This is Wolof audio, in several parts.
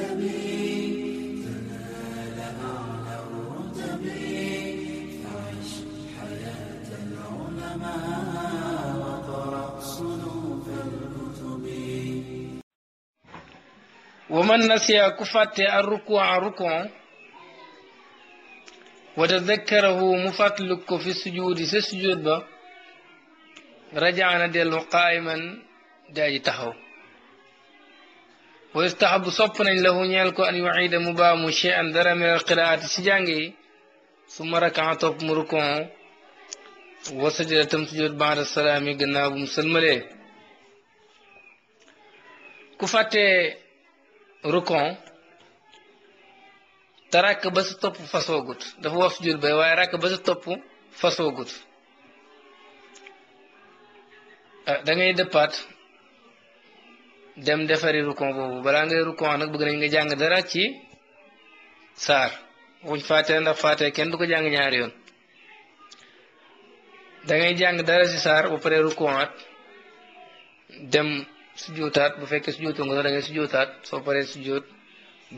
تنال حياة العلماء صنوف ومن نسي كفات الركوع ركوع وتذكره مفاتلك في السجود سجود رجعنا ديال قائما داي تحو wa yustahabu sopp nañ lahu ñeel ko an yuida mu baa mu che an dara min al si jàng yi su ma rakaa topp mu rukon wa sajada tam sujud baada salaam yi mu sëlmalee ku fàttee rukon te ràkk ba sa topp fasoogut dafa wax sujud bay waaye ràkk ba sa topp fasoogut ah, da ngay dëppaat dem defari rukon boobu balaa ngay rukon nag bëgg nañ nga jàng dara ci saar wuñ faatee ndax faatee kenn du ko jàng ñaari yoon da jàng dara ci saar ba pare rukonaat dem sujjootaat bu fekkee sujjootoo nga da ngay sujjootaat soo paree sujjoot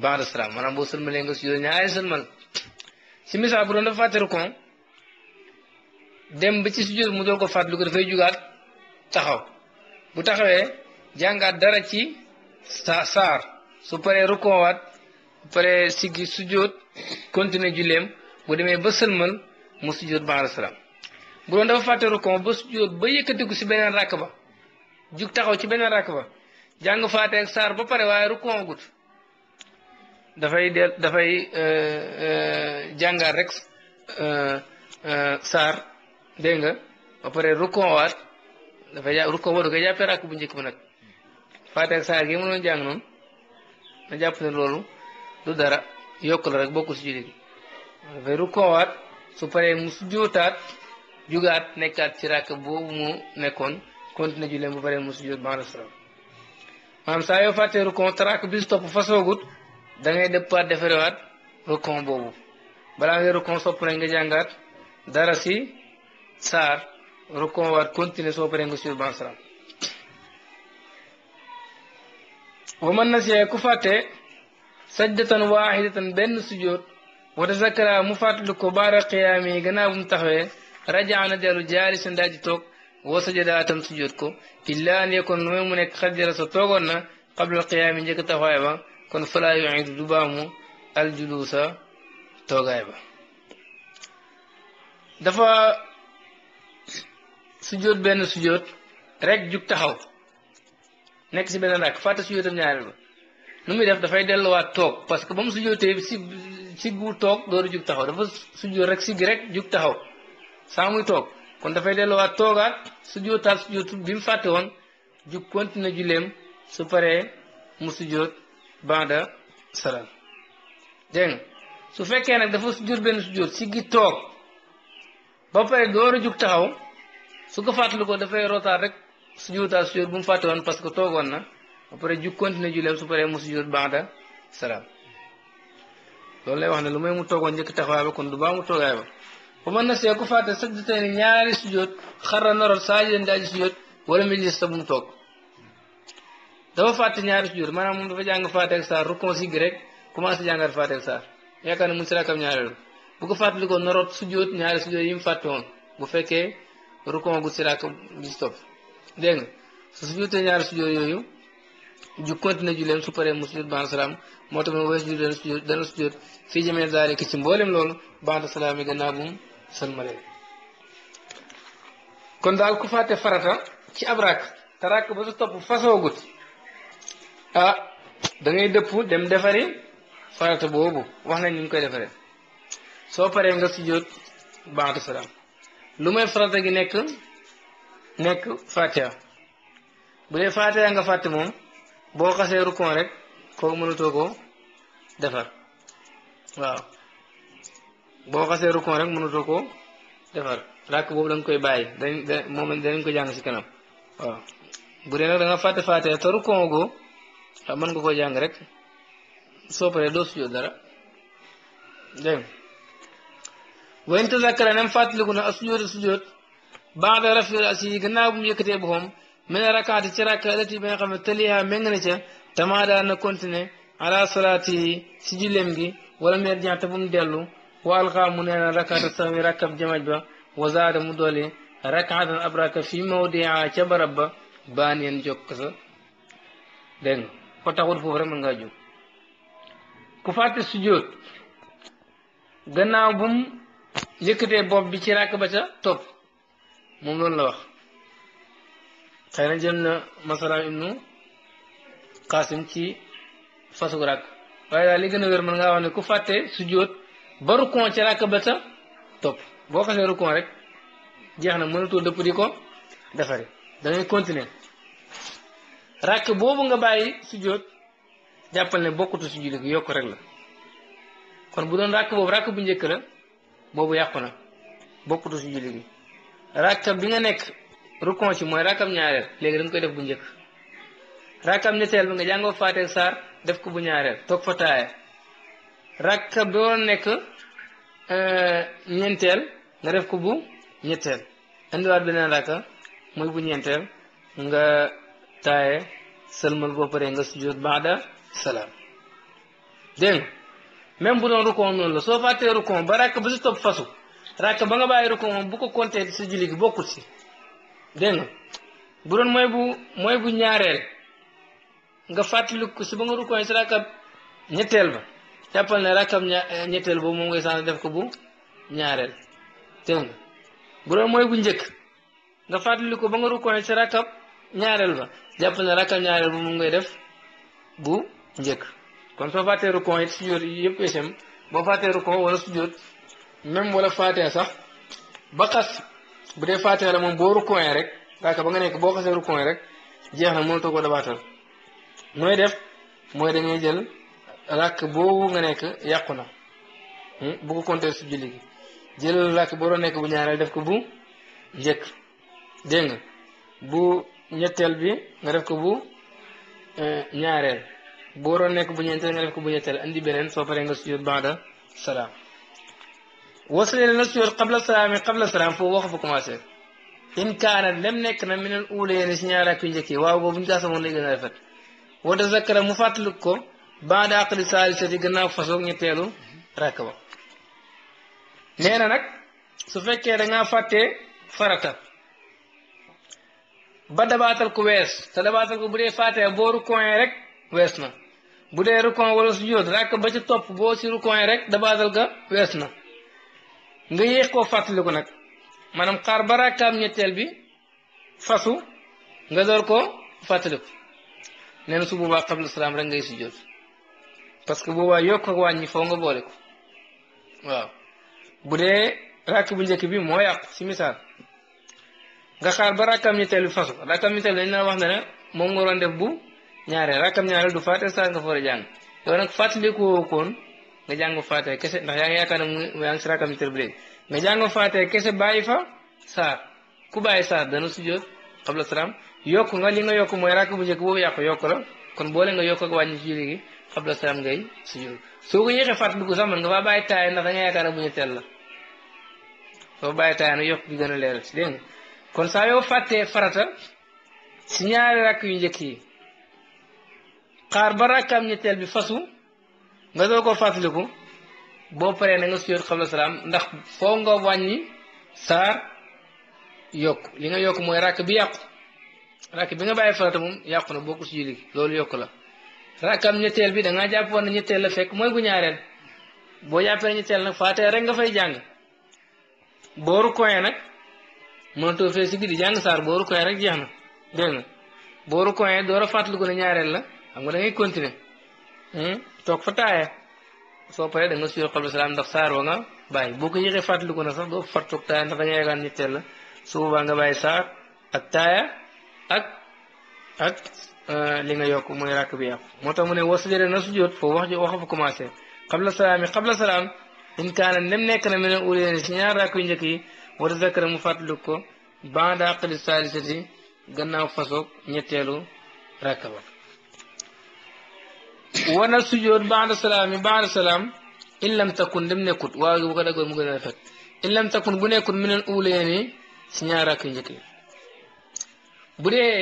baax de salaam maanaam boo sëlmalee nga sujjoot ñaari sëlmal si misaal bu doon dafa fàtte rukon dem ba ci sujjoot mu doon ko fàttaliku dafay jugaat taxaw bu taxawee. jàngaat dara ci sa saar su paree rukkoowaat su paree siggi sujjóot continuer julleem bu demee ba sëlmal mu sujjóot ba salaam bu doon dafa fàtte rukkoo ba sujjóot ba yëkkatiku si beneen ràkk ba jug taxaw ci beneen ràkk ba jàng faate ak ba pare waaye rukkoo gut dafay del dafay euh, euh, jàngaat rek euh, saar dégg nga ba pare rukkoowaat dafay rukkoo wadu koy jàppee ràkk bu njëkk ba nag faateeg saar gi mu doon jàng noonu ma jàpp ne loolu du dara yokk la rek bokkul si julli rukkoowaat su paree mu sujjootaat jugaat nekkaat ci ràkk boobu mu nekkoon continuer julleem bu paree mu sujjoot ba'da salaam maanaam saa yoo fàttee rukkoo te ràkk bi si topp fa soogut da dëppaat defarewaat rukkoo boobu balaa nga rukkoo sopp nañ nga jàngaat dara si saar rukkoowaat continuer soo paree nga sujjoot ba'da ومن نسي كفاتة سجدة واحدة بين السجود وتذكر مفات لكبار قيامي جناب متخوي رجع ندير جاري سنداج توك وسجد آتم سجودكو إلا أن يكون ميمونك خدر ستوغن قبل القيام جك تخوايبا كن فلا يعيد دبامو الجلوس توغايبا دفا سجود بين السجود رجع جك تخوي nekk si beneen rakk fàtte su yootam ñaareel ba nu muy def dafay delluwaat toog parce que ba mu su jootee si si gu toog dooru jug taxaw dafa su joot rek si rek jug taxaw saa muy toog kon dafay delluwaat toogaat su jootaat su joot bi mu fàtte woon jug continuer julleem su paree mu su joot banda salaam dégg su fekkee nag dafa su joot benn su joot si gi toog ba pare dooru jug taxaw su ko fàttali ko dafay rotaat rek sujjóotaat sujjóot bu mu fàtte parce que toogoon na ba pare ju continuer julleem su paree mu sujjóot ba'da salaam loolu lay wax ne lu may mu toogoon jëkk taxawaay ba kon du baax mu toogaay ba bu mën na see ku fàtte sëg di tey ñaari sujjóot xarra norot saa ji wala mi gis ta bu mu toog dafa fàtte ñaari sujjóot maanaam moom dafa jàng fàtte ak saar rukon si gi rek commencé jàngat fàtte ak saar yaakaar ne mu si rakam ñaareelu bu ko fàttali ko norot sujjóot ñaari sujjóot yi mu fàtte woon bu fekkee rukon gu si dégg nga su sujjóotee ñaari sujjóot yooyu ju na ju leen su paree mu sujjóot ban salaam moo tax ma weesu ju dana sujjóot dana sujjóot fii jamee zaalika ci mboolem loolu banda salaam yi gannaaw bu mu sëlmalee kon daal ku fàtte farata ci ab rakk te rakk ba su topp fasoogut ah dangay ngay dëpp dem defari farata boobu wax nañ ni ñu koy defaree soo paree nga sujjóot banda salaam lu may farata gi nekk nekk fatiha bu dee fatiha nga fàtte moom boo xasee rukon rek kooku mënatoo ko defar waaw boo xasee rukon rek mënatoo koo defar ràkk boobu danga koy bàyyi dañ moom danañ ko jàng si kanam waaw bu dee fàtte fatiha te rukon goo xam mën nga ko jàng rek soo paree doo sujjóot dara dégg nga wante zakkara nem fàttaliku a sujjóot a sujjóot baada rafi rasi gannaaw bu mu yëkkatee boppam min rakaati ci rakka alati bi nga xam ne taliha méng na ca tamaa daa na continuer ala salaati si julleem gi wala meer jaata bu mu dellu wa alxaa mu nee na rakaata sawi rakkab jamaj ba wa mu doole rakaatan ab rakka fii mawdia ca barab ba baan yeen jokk sa dégg nga ko taxul foofu rek mën ngaa ku fàtte sujjóot gannaaw bu mu yëkkatee bopp bi ci rakk ba ca topp moom loolu la wax xëy na jël na masalaam ibnu xaasim ci fasug ràkk waaye daal li gën a wér mën ngaa wax ne ku fàtte su jóot ba rukkon ci ràkk ba sa topp boo xasee rukkon rek jeex na mënatoo dëpp di ko defari dangay continue ràkk boobu nga bàyyi su jóot jàppal ne bokkutu su jóot yokk rek la kon bu doon ràkk boobu ràkk bu njëkk la boobu yàqu na bokkutu su julli rakka bi nga nekk rukon ci mooy rakkam ñaareel léegi da koy def bu njëkk rakkam ñetteel bi nga jàngoo faateeg saar def ko bu ñaareel toog fa taaya rakka bi nekk euh, ñeenteel nga def ko bu ñetteel indiwaat beneen rakka muy bu ñeenteel nga taaye sëlmal boo paree nga sujjóot baada salaam dégg nga même bu doon rukon noonu la soo fàttee rukon ba rakk ba si topp fasu rakk ba nga bàyyi ruku bu ko compté si julli gi bokkut si dégg nga bu doon mooy bu mooy bu ñaareel nga fàttaliku si ba nga rukkoo si ñetteel ba jàppal ne rakk eh, ñetteel boobu moom ngay def ko bu ñaareel dégg nga bu doon mooy bu njëkk nga fàttaliku ba nga rukkoo si rakk ñaareel ba jàppal ne rakk ñaareel boobu moom ngay def bu njëkk kon soo fàttee rukkoo it sujjóot yëpp échec boo fàttee rukkoo wala sujjóot même wala faatiha sax ba xas bu dee faatiha la moom boo rukkoon rek raaka ba nga nekk boo xasee rukkoon rek jeex na mënatoo ko dabaatal mooy def mooy dangay jël rakk boobu nga nekk yàqu na hmm? bu ko compter su julli gi jëlal rakk boo nekk bu ñaareel def ko bu njëkk dégg bu ñetteel bi nga def ko bu eh, ñaareel boo doon nekk bu ñeenteel nga def ko bu ñetteel andi beneen soo paree nga sujjóot baada salaam wasle na sujóot qabla salaami qabla salaam foofu wax fa commencé in kaana lem nekk na minal uule yéen si ñaar ak yu njëkk yi waaw boobu ñu tax moom lay gën a rafet wa tazakkara mu fàttaliku ko baada aqli saalisati gannaaw fasoog ñu teelu rakk ba na nag su fekkee da ngaa fàttee farata ba dabaatal ko wees te dabaatal ko bu dee fàttee boo rukkoon rek wees na bu dee rukkoon wala sujóot rakk ba ci topp boo si rukkoon rek dabaatal ga wees na nga yéex koo fàttaliku nag maanaam xaar ba rakkaam ñetteel bi fasu nga door ko fàttaliku nee na su boobaa qabla salaam rek si sujjóot parce que boobaa yokk wàññi foo nga boole ko waaw bu dee rakk bu njëkk bi moo yàqu si misaal nga xaar ba rakkaam ñetteel bi fasu rakkaam ñetteel dañ naa wax ne ne moom nga waroon bu ñaareel rakkaam ñaareel du fàtte saa nga foore jàng yow nag fàttalikoo koon nga jàng faatee kese ndax yaa ngi yaakaar ne yaa ngi siraaka mi tër nga jàng faatee kese bàyyi fa saar ku bàyyi saar dana sujjoot xabla salaam yokk nga li nga yokk mooy rakk bu njëkk boobu yàqu yokk la kon boole nga yokk ak wàññi ci julli gi xabla salaam soo ko yéexee fàttaliku sax nga faa bàyyi taay ndax da nga yaakaar ne bu ñu teel la soo bàyyi taay na yokk bi gën a leeral ci dégg kon saa yoo fàttee farata si ñaari rakk yu njëkk yi xaar ba rakkaam ñetteel bi fasu nga doo ko fàttaliku boo paree na nga sujjóot xabla salaam ndax foo nga wàññi saar yokk li nga yokk mooy rakk bi yàqu ràkk bi nga bàyyi farata moom yàqu na bokkul si julli loolu yokk la ràkkam ñetteel bi da ngaa jàpp na ñetteel la fekk mooy bu ñaareel boo jàppee ñetteel nag faatee rek nga fay jàng booru koyee nag mënatoo fee si guddi jàng saar booru koyee rek jeex na dégg nga booru koyee door a fàttaliku ne ñaareel la xam nga dangay ngay toog fa taaye soo paree da nga suyal salaam ndax saar wa nga bàyyi boo ko yéexee fàttaliku na sax doo far toog taaya ndax da nga la su boobaa ak taaya ak ak euh, li nga yokk mooy ràkk bi yàqu moo tax mu ne wasujada na sujjóot foofu wax waxa fa commencé xabla salaam yi xabla salaam in kaana nem nekk na mene ulieni si ñaar ràkk yu njëkk yi wata mu fàttaliku ko banda aqli saalisati gannaaw fasoog ñetteelu ràkk ba wana sujjoot baada salaam yi baada salaam in lam takun dem nekkut waaw gi bu ko daggoon mu gën a rafet in lam takun bu nekkut mi neen uulayeeni si ñaar rakk yu njëkk bu dee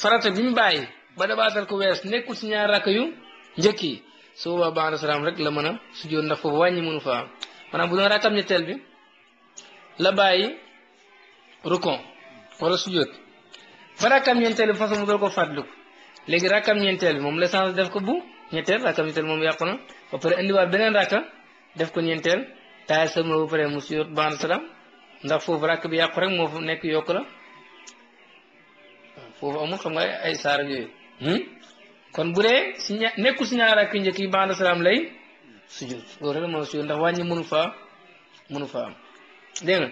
farata bi mu bàyyi ba dabaatal ko wees nekkut si ñaar rakk yu njëkk yi su boobaa baada salaam rek la mën a sujjoot ndax foofu wàññi mënu faa maanaam bu doon rakkam ñetteel bi la bàyyi rukon wala sujjoot fa rakkam ñeenteel bi façon mu doon ko fàttaliku léegi rakkam ñeenteel bi moom la changé def ko bu ñetteel rakkam ñeenteel moom yàqu na ba pare indiwaat beneen rakka def ko ñeenteel taay sama ba pare mu suyut baan salaam ndax foofu rakk bi yàqu rek moo fa nekk yokk la foofu amul xam nga ay saar yooyu hmm? kon bu dee si ña nekkul si ñaar rakk njëkk yi baan salaam lay sujut loolu rek la mën a sujut ndax wàññi mënu faa mënu faa am dégg nga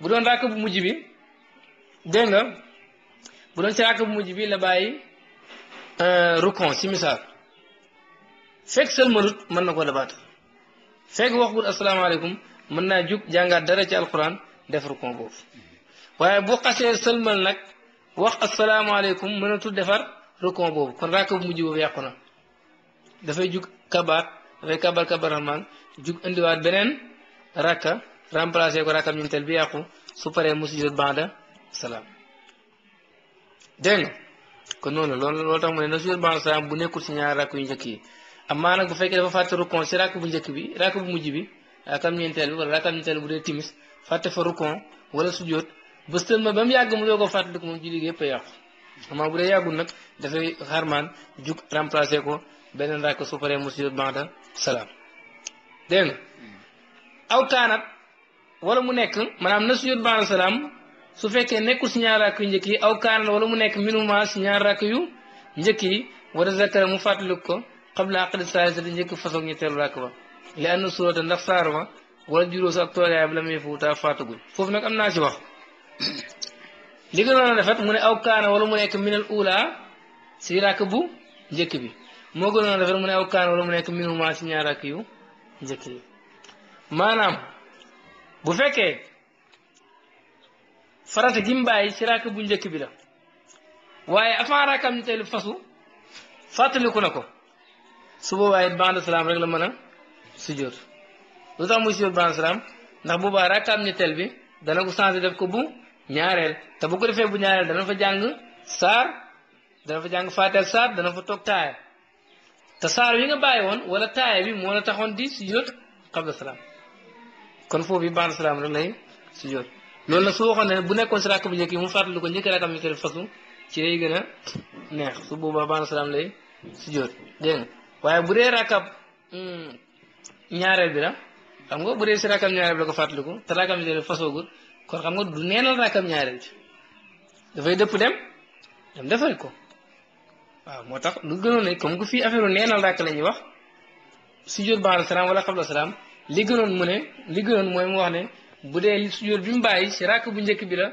bu doon rakk bu mujj bi dégg nga bu doon si rakk bu mujj bi la bàyyi. Euh, rukon si misaal fekk sëlmalut mën na ko dabaatal fekk waxul asalaamaaleykum mën naa jug jàngaat dara ci alquran def rukon boobu waaye bu xasee sëlmal nag wax asalaamaaleykum mënatul defar rukon boobu kon raaka bu mujj boobu yàqu na dafay jug kabaat dafay kabar kabar rahmaan jug indiwaat beneen rakka remplacé ko rakkam ñenteel bi yàqu su paree mu sujjóot ba'da salaam kon noonu la loolu loolu tax mu ne na sujóot ba'da salaam bu si ñaar rakk yu njëkk yi amaa nag bu fekkee bu njëkk bi rakk bu mujj bi rakkam ñeenteel bi bu dee timis fàtte fa rukon wala sujóot ba sël ma ba mu yàgg mu doo ko fàttaliku moom julli gi yëpp a yàqu amaa bu dee yàggul nag dafay xarmaan ko beneen rakk su paree mu sujóot ba'da salaam dégg nga aw kaanat wala mu nekk maanaam na sujóot ba'da salaam su fekkee nekkul si ñaar rakk yu njëkk yi aw kaan la wala mu nekk minuma si ñaar rakk yu njëkk yi wala zakara mu fàttaliku ko xam naa aqli saa di njëkk façon fasoog ñetteelu rakk ba li ann surata ndax saar ma wala juróo sa ak toogaay bi la muy fu taa fàttagul foofu nag am naa ci wax li gënoon a rafet mu ne aw kaana wala mu nekk minal uula si rakk bu njëkk bi moo gënoon a rafet mu ne aw kaana wala mu nekk minuma si ñaar rakk yu njëkk yi maanaam bu fekkee farata gi mu bàyyi ci raaka bu njëkk bi la waaye avant raakaam ñu teel fasu fàttaliku na ko su boobaa it ba'da salaam rek la mën a sujjóot lu tax muy sujjóot ba'da salaam ndax boobaa raakaam ñu teel bi dana ko changé def ko bu ñaareel te bu ko defee bu ñaareel dana fa jàng saar dana fa jàng faateel saar dana fa toog taaya te saar wi nga bàyyi woon wala taaya bi moo la taxoon di sujjóot qabla salaam kon foofu yi ba'da salaam rek lay sujjóot loolu na su waxoon ne bu nekkoon si rakk bu njëkk yi mu fàttali ko njëkk rakam ñetteel fasu ci lay gën a neex su boobaa baana salaam lay sujjóot dégg nga waaye bu dee rakab hmm, ñaareel bi la xam nga bu dee si rakam ñaareel bi la ko fàttaliku te rakam ñetteel fasoogul kon xam nga du neenal rakam ñaareel bi dafay dëpp dem dem defal ko waaw moo tax lu gënoon ne comme que fii affaire neenal rakk la ñuy wax sujjóot baana salaam wala xabla salaam li gënoon mu ne li gënoon mooy mu wax ne bu dee li sujjóot bi mu bàyyi si rakk bu njëkk bi la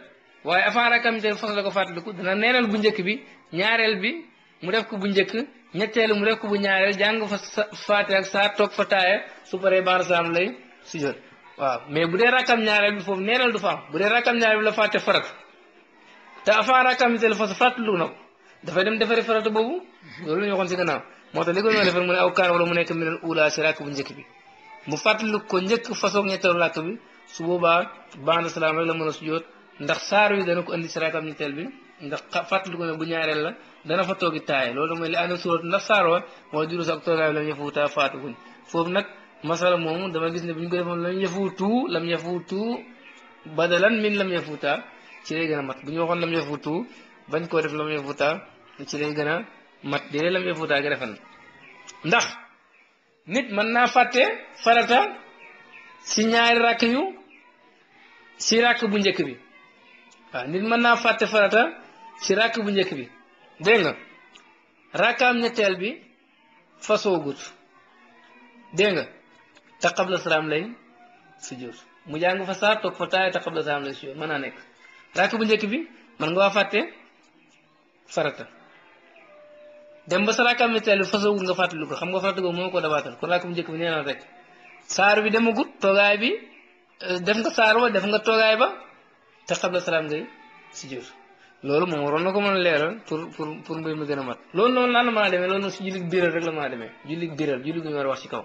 waaye avant rakkam te fas la ko fàttaliku dina neenal bu njëkk bi ñaareel bi mu def ko bu njëkk ñetteelu mu def bu ñaareel jàng fa faate ak fa taaya su paree baar saam lay sujjóot waaw mais bu dee rakkam ñaareel bi foofu neenal du fa bu dee rakkam ñaareel bi la fàtte farat te avant rakkam te fas fàttaliku na ko dafay dem defari farata boobu loolu la ñu moo tax li ko mën a mu ne mu nekk min si rakk bu njëkk bi mu fàttaliku ko njëkk façon ñetteelu rakk bi su boobaa baana salaam rek la mën a sujjóot ndax saaro yi dana ko indi si rakkam ñetteel bi ndax fàttali ko ne bu ñaareel la dana fa toogi taaye loolu mooy li ànd surat ndax saaro mooy durus ak toogaay lam yafuuta faatuguñ foofu nag masala moomu dama gis ne bu ñu ko defoon lam yafuutu lam yafuutu badalan min lam yafuuta ci lay gën a mat bu ñu waxoon lam yafuutu bañ koo def lam yafuuta ci lay gën a mat di lam yafuuta gi refan ndax nit mën naa fàtte farata si ñaari rakk yu si ràkk bu njëkk bi waaw nit mën naa fàtte farata si ràkk bu njëkk bi dégg nga ràkkaam ñetteel bi fasoo gut dégg nga te xabla salaam lay sujjóot mu jàng fa saar toog fa mën naa nekk ràkk bu njëkk bi mën nga waa fàtte farata dem ba sa ràkkaam ñetteel bi fasoo gut nga fàttali ko xam nga farata googu moo ko dabaatal kon ràkk bu njëkk bi nee na rek saar bi demagut toogaay bi def nga saar wa def nga toogaay ba te xabla salaam ngay sujjóot loolu moom waroon na ko mën a leeral pour pour pour mbir mi gën a mat loolu noonu lan la maa demee loolu noonu si jullit biral rek la maa demee jullit biral jullit bu ñu war wax ci kaw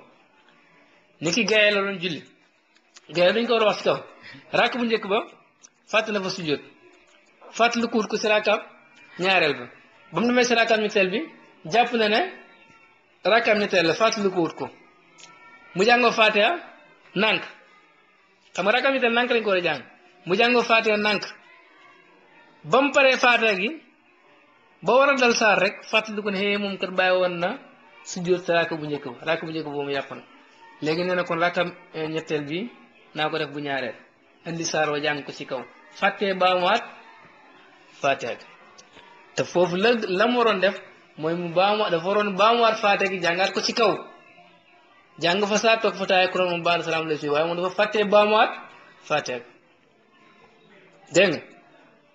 ni ki gaye la doon julli gaye duñ ko war a wax ci kaw rakk bu njëkk ba fàttali na fa sujjóot fàttali kuut ko si rakkam ñaareel ba ba mu demee si rakkam ñetteel bi jàpp na ne rakkam ñetteel la fàttali kuut ko mu jàngoo Fatiha xam nga rakam itam nank lañ ko war a jàng mu jàngoo faatiha nànk ba mu paree faatiha gi ba war a dal saar rek fàttali ko ne xëy moom kat bàyyi woon na sujjóot sa raaka bu njëkk ba bu njëkk boobu mu yàpp na léegi nee na kon eh, ñetteel bi naa ko def bu ñaareel indi saar wa jàng ko ci kaw fàttee baamuwaat faatiha gi te foofu la la waroon def mooy mu baamu dafa waroon baamuwaat faatiha gi jàngaat ko ci kaw jàng fa saa toog fa taay kuréel moom baal salaam la fii waaye moom dafa fàttee baamuwaat fàttee ko dégg nga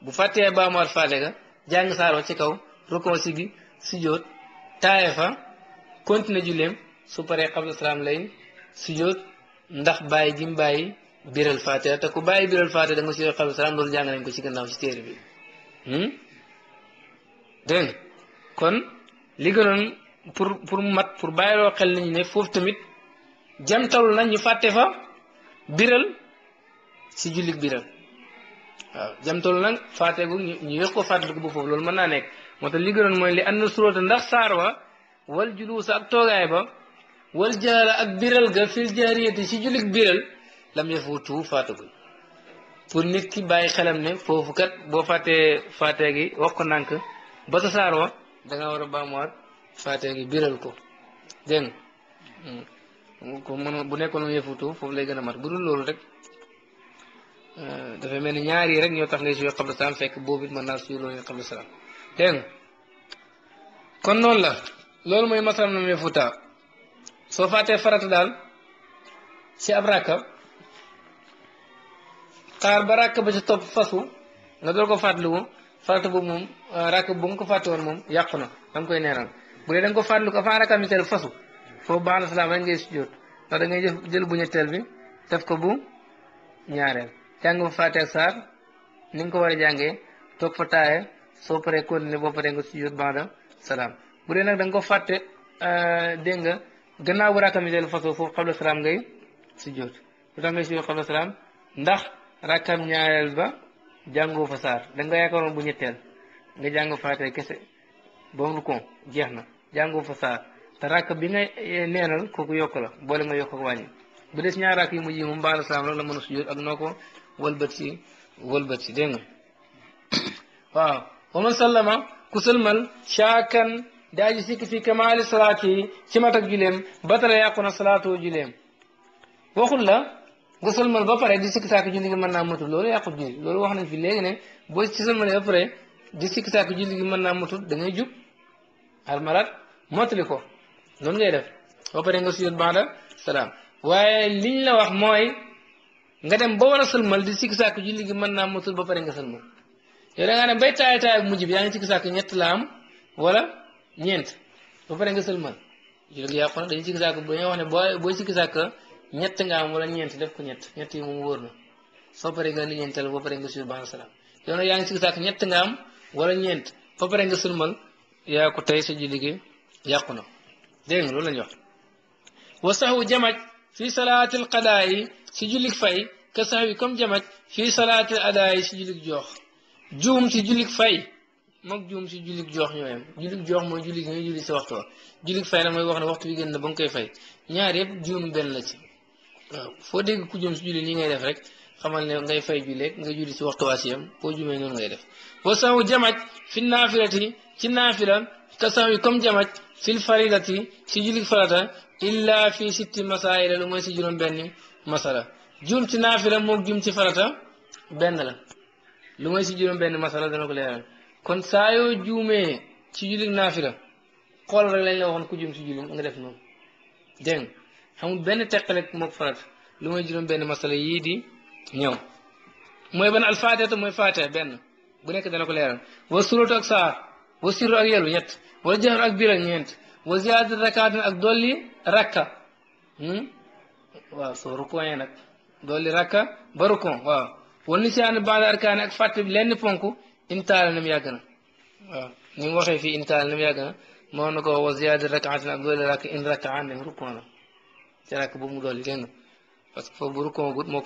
bu fàttee baamuwaat fàttee ko jàng saaro ci kaw rukkoon si gi sujjóot taaye fa continuer julleem su paree xabla salaam lay sujjóot ndax bàyyi jim bàyyi biral fàttee te ku bàyyi biral fàttee da nga sujjóot salaam loolu jàng nañ ko ci gannaaw ci téere bi hmm? dégg nga kon li gënoon pour pour mat pour bàyyiloo xel nañu ne foofu tamit jamtalu nag ñu fàtte fa biral si jullit biral waaw jamtalu nag fàtte gu ñu yëg ko fàttaliku ba foofu loolu mën naa nekk moo tax li gënoon mooy li na suróota ndax saar wa wal juluusa ak toogaay ba wal jaara ak biral ga fil jaariyati si jullit biral lam yafutu fàttaguñ pour nit ki bàyyi xelam ne foofu kat boo fàttee fàtte gi wax ko nànk ba sa saar wa da war a baamuwaat fàtte gi biral ko dégg ko mën bu nekkoon mu yëfutu foofu lay gën a mat bu dul loolu rek euh, dafay mel ni ñaari rek ñoo tax ngay suy xabla salaam fekk boobu it mën naa suy loolu xabla salaam dégg nga kon noonu la loolu mooy masal na mu yëfuta soo fàttee farata daal si ab ràkka xaar ba ràkka ba ci topp fasu nga dool ko fàttaliku farata boobu moom euh, ràkka bu nga ko fàtte woon moom yàqu na da koy neenal bu dee da nga ko fàttaliku avant ràkka mi fasu foofu baax na salaam rek ngay sujjóot ndax da ngay jël bu ñetteel bi def ko bu ñaareel jàng fa faate ni nga ko war a toog fa soo paree continuer boo paree nga sujjóot nag da nga ko fàtte euh, dégg nga gannaaw bu rakka mi dellu fasoo ngay sujjóot lu tax ngay sujjóot ndax rakkam ñaareel ba jàngoo fa saar da nga bu ñetteel nga jàng faate kese boobu jeex na jàngoo fa saar te bi nga eh, neenal kooku yokk la boole nga yokk ak bu des ñaar rakk yi mujj yi moom baala salaam rek la mën a sujjóot ak noo ko wëlbët si wëlbët si dégg nga waaw wa man sallama ku sëlmal shaakan daa ji sikki fi kamaali salaat ci mat ak juleem ba tala yàqu na salaatoo juleem waxul la nga sëlmal ba pare di sikki saak julli gi mën naa matul loolu yàqul julli loolu wax nañ fi léegi ne boo ci sëlmalee ba mën naa matul da ngay jub almarat mottali ko noonu ngay def ba pare nga sujjóot baada salaam waaye liñ la wax mooy nga dem ba war a sëlmal di sikk sàkk julli gi mën naa motul ba pare nga sëlmal yow da ngaa dem bay taay taay mujj bi yaa ngi sikk sàkk ñett la am wala ñeent ba pare nga sëlmal julli gi yàqu na dañuy sikk sàkk dañoo wax ne boo booy sikk sàkk ñett nga am wala ñeent def ko ñett ñett yi soo pare nga li ñeental ba pare nga sujjóot baada salaam yow yaa ngi sikk sàkk ñett nga am wala ñeent ba pare nga sëlmal yaa ko tey sa julli liggéey yàqu na دين لولا جو وسهو جمج في صلاة القضاء سجلك فاي كسهو كم جمج في صلاة الأداء سجلك جو جوم سجلك فاي مك جوم سجلك جو نيوم جلك جو مو جلك نيو جلك سوقت جلك فاي لما يوقف الوقت بيجي نبون كيف فاي نيار يب جوم بين لش آه، فودي كوجوم يا نيجي رفرك خمال نعاي فاي جلك نعاي جلك سوقت واسيم كوجوم يا رف وسهو جمج في النافلة تي في النافلة كسهو كم جمج fil faridati si jullit farata illa fi sitti masaila lu mooy si juróom benni masala jum ci naafila moog jum ci farata benn la lu mooy si juróom benn masala dana ko leeral kon saa yoo juumee ci jullit naafila xool rek lañ la waxoon ku jum si jullit nga def noonu dégg nga xamul benn teqale moog farata lu mooy juróom benn masala yii di ñëw mooy ban alfaatiha mooy faatiha benn bu nekk dana ko leeral wa suratu ak saar wa sirru ak yelu ñett wala jahr ak biral ñeent wa ziyaada rakaatin ak dolli rakka hmm? waaw soo rukoonee nag dolli rakka ba rukoon waaw wan nisyaanu baada arkaani ak fàtte lenn ponk intaala na mu yàgg na waaw ni waxee fii intaala na mu yàgg na ko wa ziyaada rakka in rakka an ne rukoon na ci rakk mu dolli dégg parce que foofu bu rukoon gut moo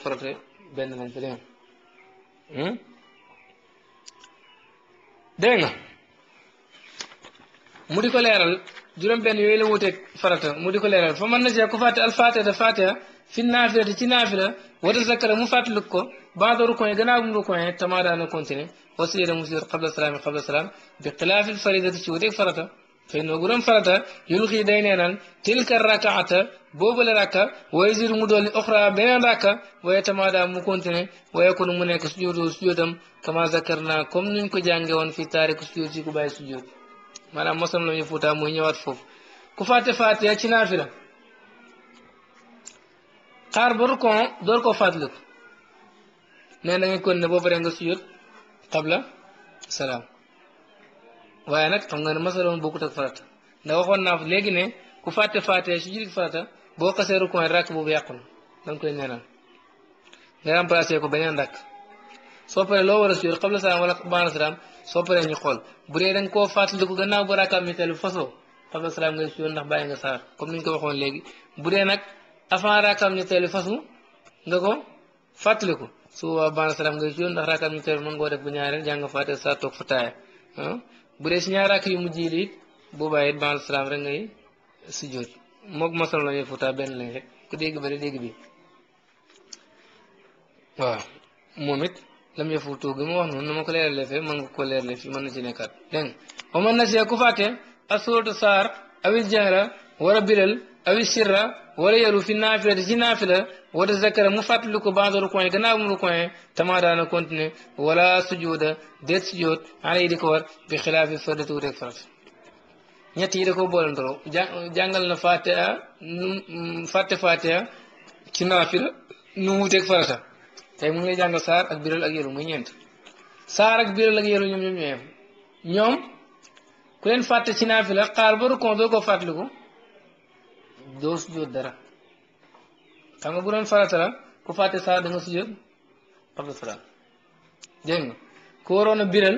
mu di ko leeral juróom-benn yooyu la wuteeg farata mu di ko leeral fa mën na see ku fàtte alfaatiha faatiha fi naafila te ci naafila wata zakkara mu fàttaliku ko baada rukoon gannaaw bu mu rukoon tamaa daana continuer wasiyada mu sujud qabla salaami qabla salaam bi xilaafi faridati ci wuteeg farata xëy na guram farata yulxii day neenal tilka rakaata boobale rakka waye zir mu dolli oxra beneen rakka waye tamaada mu continuer waye kon mu nekk sujudu sujudam kama zakarna comme nuñ ko jànge woon fi taariku sujud si ku bàyyi sujud maanaam mosam la ñu Fuuta mooy ñëwaat foofu ku fàtte fatiha ci naafila xaar ba rukon door ko fàttaliku nee na nga ne boo paree nga sujjóot xabla salaam waaye nag xam nga ne masala moom bokkut ak farata ndax léegi ne ku fàtte fatiha ci jullit boo xasee rukon ràkk boobu yàqu na danga koy ñaanal nga remplacé ko beneen ràkk soo paree loo war a sujjóot xabla salaam wala baana salaam soo paree ñu xool bu dee da nga koo fàttaliku gannaaw bu raakaam ñetteel bi fasoo qabla salaam ngay sujjoon ndax bàyyi nga saar comme ni ñu ko waxoon léegi bu dee nag avant raakaam ñetteel bi nga ko fàttaliku su boobaa baana salaam ngay sujjoon ndax raakaam ñetteel bi mën ngoo def bu ñaareel jàng nga fàtte bu dee si ñaar yi it boobaa it baana salaam rek ngay sujjoot moog masal la ñuy futaa rek ku dégg bëri dégg bi moom it lam yafutu gi mu wax noonu na ma ko leerale fee mën nga ko leerale fii mën na ci nekkaat dégg nga man na saar awil jahra wala bilal awil sirra wala yalu fi naafila di ci naafila wala zakara sujuda déet sujud ana yi di ko bi xilaafi fardati wuteeg farat ñett yi da ko boolandoro jàngal na fatiha nu fàtte fatiha ci naafila nu wuteeg farata tey mu ngi lay jàngal saar ak biral ak yelu muy ñeent saar ak biral ak ñoom ñoom ñoom ku leen fàtte ci naafila xaar ba rukon doo ko fàttaliku doo sujjóot dara xam nga bu doon farata la ku fàtte saar da nga sujjóot qabla salaam dégg nga ku a biral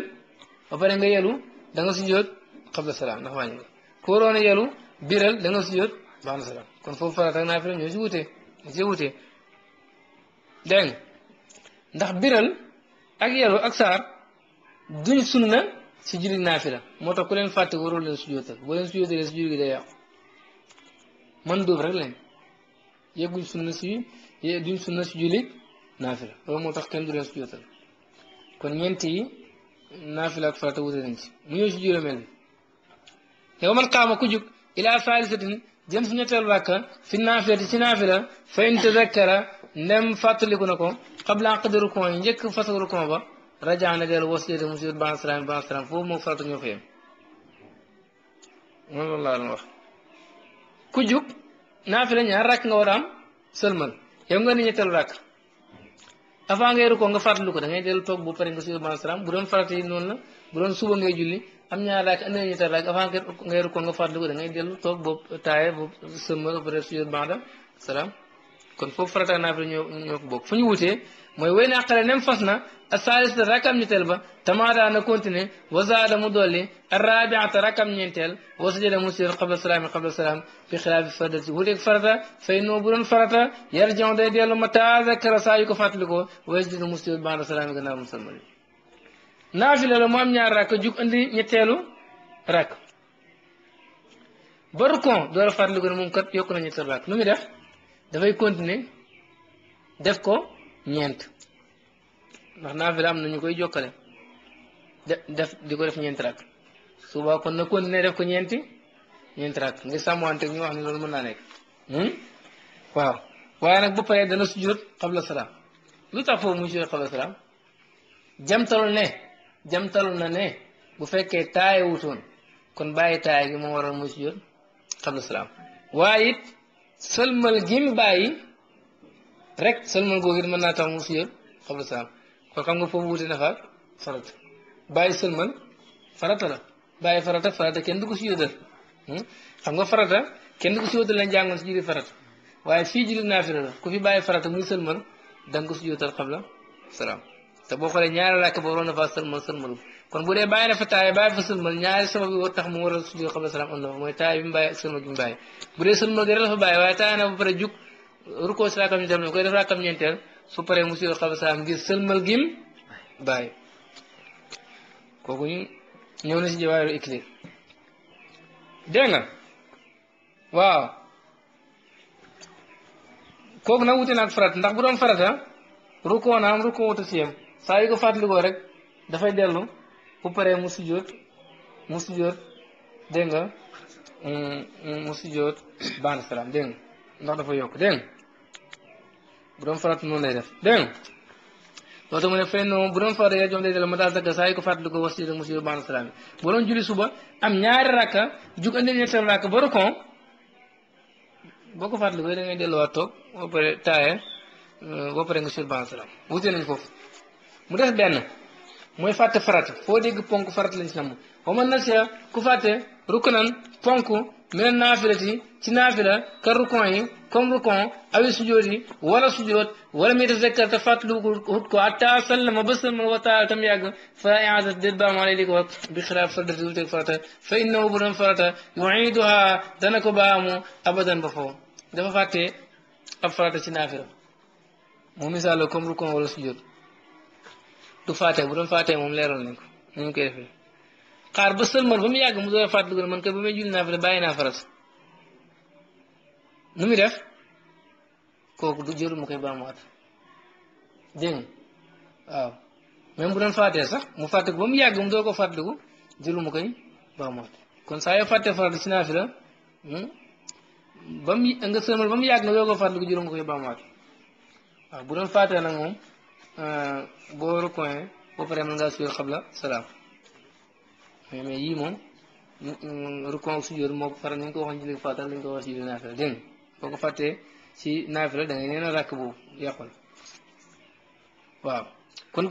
ba nga yelu da nga sujjóot qabla salaam ndax wàññi nga ku waroon yelu biral da nga sujjóot ba'da salaam kon foofu farata ak naafila ñoo ci wutee ndax biral ak yelu ak sar duñ sunna ci julli nafila motax ku len fàtte waroo len sujootal bo len sujootalee si julli gi day yàqu man do rek len yeguñ sunna ci ye duñ sunna ci julli nafila loolu motax ken du len sujootal kon ñenti nafila ak fatte wute nañ ci mu ñëw si juróomeel bi yow man qama ku juk ila salisatin jëm si ñetteelu wàkka fi nafila ci nafila fa in tadakkara nem fàttaliku na ko xabla qadru kon yi njëkk fasaru kon ba rajaa na del wasiyata monsieur ban salaam ban salaam foofu moo farata ñoo fa yem moom loolu a ni ñetteelu rakk avant ngay ko da ngay dellu toog bu pare nga suur bu doon farata bu doon suba ngay julli am na ñetteel rakk avant ngay rukoo nga toog boobu taaye salaam kon foofu farata naafila ñoo ñoo ko bokk fu ñu wutee mooy way naqare nem fas na asaalisa rakam ñetteel ba tamaata na continuer wazaada mu dolli arrabiata rakam ñeenteel wasajada mu seen qabla salaami qabla salaam bi xilaafi fardati wuteeg farata fay noo bu doon farata yarjon day dellu mata zakara saa yu ko fàttalikoo wasajada mu seen banda salaami gannaaw mu salmali naafila la mu am ñaar rakk jug andi ñetteelu rakk barkon door a fàttalikoo ne moom kat yokk na ñetteel rakk nu muy def dafay continuer def ko ñeent ndax naafila am na ñu koy jokkale def di ko def ñeenti rakk suba kon na continuer def ko ñeenti ñeenti rakk ngir sàmmante ñu wax ne loolu mën naa nekk hmm? waaw waaye nag bu paree dana sujjóot xabla salaam lu tax foofu muy sujjóot xabla salaam jamtalul ne jamtalul na ne bu fekkee taaye wutoon kon bàyyi taay gi moo waral muy sujjóot xabla salaam waaye it sëlmal gim bàyyi rek sëlmal googu it mën naa tax mu siyal xabla salaam kon xam nga foofu wuute na faak farata bàyyi sëlmal farata la bàyyi farata farata kenn du ko siyóodal hmm? xam nga farata kenn du ko siyóodal lañ jàngoon si julli farata waaye fii julli naafila la ku fi bàyyi farata muy sëlmal da nga ko siyóotal xabla salaam te boo xoolee ñaari làkk boo waroon na faa sëlmal sëlmalu kon bu dee bàyyi na fa taaya bàyyi fa sëlmal ñaari sabab yi war tax mu war a sujjóot xabla salaam am na mooy taaya bi mu bàyyi sëlmal bi mu bàyyi bu dee sëlmal gi rek la fa bàyyi waaye taaya na ba koy def raakam su paree mu sujjóot xabla salaam ngir sëlmal gim bàyyi kooku na si waaw kooku nag wuti naag farat ndax bu doon farata ah, rukkoo rukkoo wuta si yem saa yu ko fàttalikoo rek dafay dellu bu pare mu sujjóot mu sujjóot dégg nga mu sujjóot ba'da salaam dégg ndax dafa yokk dégg nga bu doon farata noonu lay def dégg nga loolu tax mu ne fay noonu bu doon farata yàlla ma daal dagg saa yi ko fàttali ko wasjud mu sujjóot ba'da salaam bu doon julli suba am ñaari rakka jug andi ñetteel rakka ba rukon boo ko fàttali ko da ngay delluwaat toog ba pare taaye ba pare nga sujjóot ba'da salaam wute nañ foofu mu def benn. mooy fàtte farata foo dégg ponk farata lañ si namm waman nasiya ku fàtte ruknan ponk a naafilati ci naafila ka rukon yi comme rukon awi sujoot wala sujoot wala mi tazakkar te fàttaliku wut ko hatta sallama ba sallama wa taala tam yàgg fala iadat déet baam alay ko bi xilaaf farata fa bu doon farata yuiduha dana ko baamu abadan ba foofu dafa fàtte ab farata ci naafila mu misaal comme rukon wala sujoot du faatee bu doon faatee moom leeral nañ ko nañ koy defee xaar ba sëlmal ba mu yàgg mu doon fàttaliku ne man kay ba may julli naa fi bàyyi naa faras nu muy def kooku du jëru mu koy baamuwaat bu doon faatee sax mu fàttaliku ba mu yàgg mu ko fàttaliku jëru mu koy baamuwaat kon saa yoo fàttee faral si naa la ba mu yàgg nga doon ko fàttaliku jëru mu koy baamuwaat waaw bu doon faatee nag moom. boo recoin boo paree mën ngaa sujjóot xabla salaam mais yii moom recoin ak moo ko faral ni ñu ko waxoon julli faata ko wax ci naafila dégg boo ko fàttee ci naafila da ngay nee